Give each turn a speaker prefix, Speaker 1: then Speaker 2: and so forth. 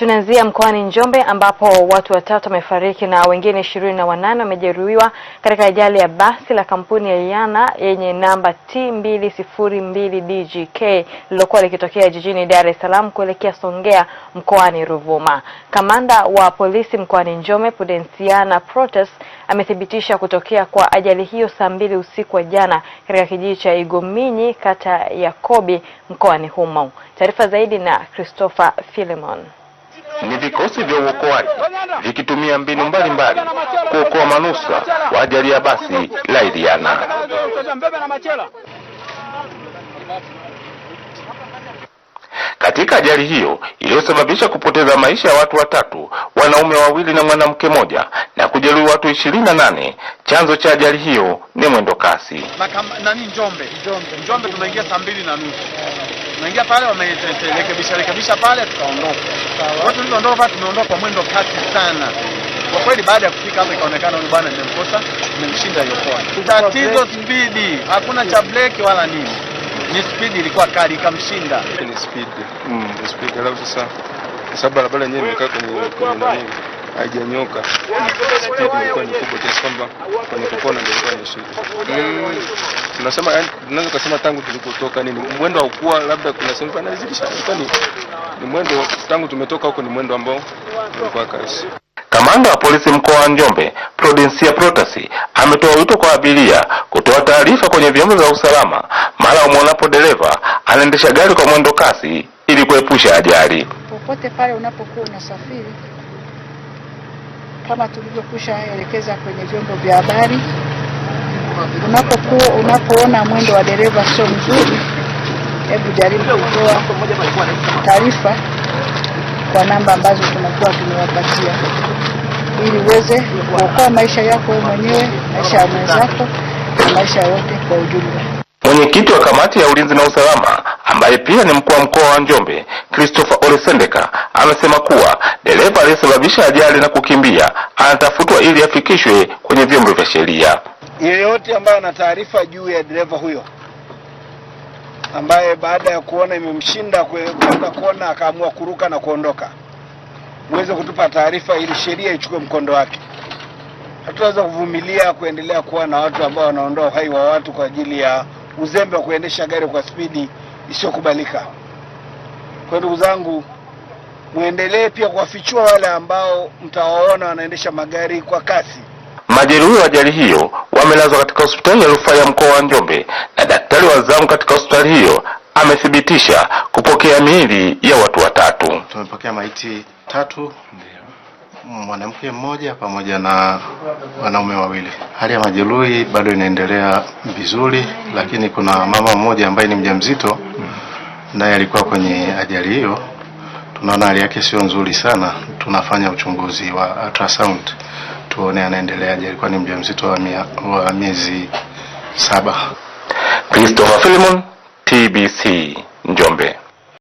Speaker 1: Tunaanzia mkoani Njombe ambapo watu watatu wamefariki na wengine ishirini na wanane wamejeruhiwa katika ajali ya basi la kampuni ya Yana yenye namba T202DGK lilokuwa likitokea jijini Dar es Salaam kuelekea Songea mkoani Ruvuma. Kamanda wa polisi mkoani Njombe, Pudensiana Protes, amethibitisha kutokea kwa ajali hiyo saa mbili usiku wa jana katika kijiji cha Igominyi kata ya Kobi mkoani humo. Taarifa zaidi na Christopher Philemon
Speaker 2: ni vikosi vya uokoaji vikitumia mbinu mbalimbali kuokoa manusura wa ajali ya basi la Iriana katika ajali hiyo iliyosababisha kupoteza maisha ya watu watatu, wanaume wawili na mwanamke moja na kujeruhi watu ishirini na nane. Chanzo cha ajali hiyo ni mwendo kasi.
Speaker 3: Nani? Njombe. Njombe tunaingia saa mbili na nusu tunaingia pale, wamerekebisha rekebisha pale, tukaondoka. tulivyoondoka tumeondoka kwa mwendo kasi sana kwa kweli baada ya kufika ikaonekana huyu bwana nimemkosa, nimemshinda. tatizo spidi, hakuna cha breki wala nini ni speed ilikuwa kali ikamshinda.
Speaker 4: Ni speed. Mm, ni speed. Alafu sasa kwa sababu barabara yenyewe imekaa kwenye kwenye nani haijanyoka. Speed ilikuwa ni kubwa kiasi kwamba kwenye kupona ndio ilikuwa ni shida. Mm, tunasema yani tunaweza kusema tangu tulipotoka nini mwendo haukuwa labda kuna sehemu panazidisha. Ilikuwa ni ni mwendo tangu tumetoka huko ni mwendo ambao ulikuwa kasi.
Speaker 2: Kamanda wa polisi mkoa wa Njombe Prudensia Protasi ametoa wito kwa abiria kutoa taarifa kwenye vyombo vya usalama mara umwonapo dereva anaendesha gari kwa mwendo kasi ili kuepusha ajali.
Speaker 5: Popote pale unapokuwa unasafiri, kama tulivyokusha elekeza kwenye vyombo vya habari, unapokuwa unapoona mwendo wa dereva sio mzuri, hebu jaribu kutoa taarifa kwa namba ambazo tunakuwa tumewapatia, ili uweze kuokoa maisha yako mwenyewe, maisha ya mwenzako na maisha yote kwa ujumla.
Speaker 2: Mwenyekiti wa kamati ya ulinzi na usalama ambaye pia ni mkuu wa mkoa wa Njombe, Christopher Olesendeka, amesema kuwa dereva aliyesababisha ajali na kukimbia anatafutwa ili afikishwe kwenye vyombo vya sheria.
Speaker 6: Yeyote ambaye ana taarifa juu ya dereva huyo ambaye baada ya kuona imemshinda kwenda kuona akaamua kuruka na kuondoka, uweze kutupa taarifa ili sheria ichukue mkondo wake. Hatuweza kuvumilia kuendelea kuwa na watu ambao wanaondoa uhai wa watu kwa ajili ya uzembe wa kuendesha gari kwa spidi isiyokubalika. Kwa ndugu zangu, mwendelee pia kuwafichua wale ambao mtawaona wanaendesha magari kwa kasi.
Speaker 2: Majeruhi wa ajali hiyo amelazwa katika hospitali ya rufaa ya mkoa wa Njombe na daktari wa zamu katika hospitali hiyo amethibitisha kupokea miili ya watu watatu.
Speaker 7: Tumepokea maiti tatu, mwanamke mmoja pamoja na wanaume wawili. Hali ya majeruhi bado inaendelea vizuri, lakini kuna mama mmoja ambaye ni mjamzito naye alikuwa kwenye ajali hiyo. Tunaona hali yake sio nzuri sana, tunafanya uchunguzi wa ultrasound tuone anaendeleaje. Alikuwa ni mjamzito wa, wa miezi saba.
Speaker 2: Christopher Philemon, TBC Njombe.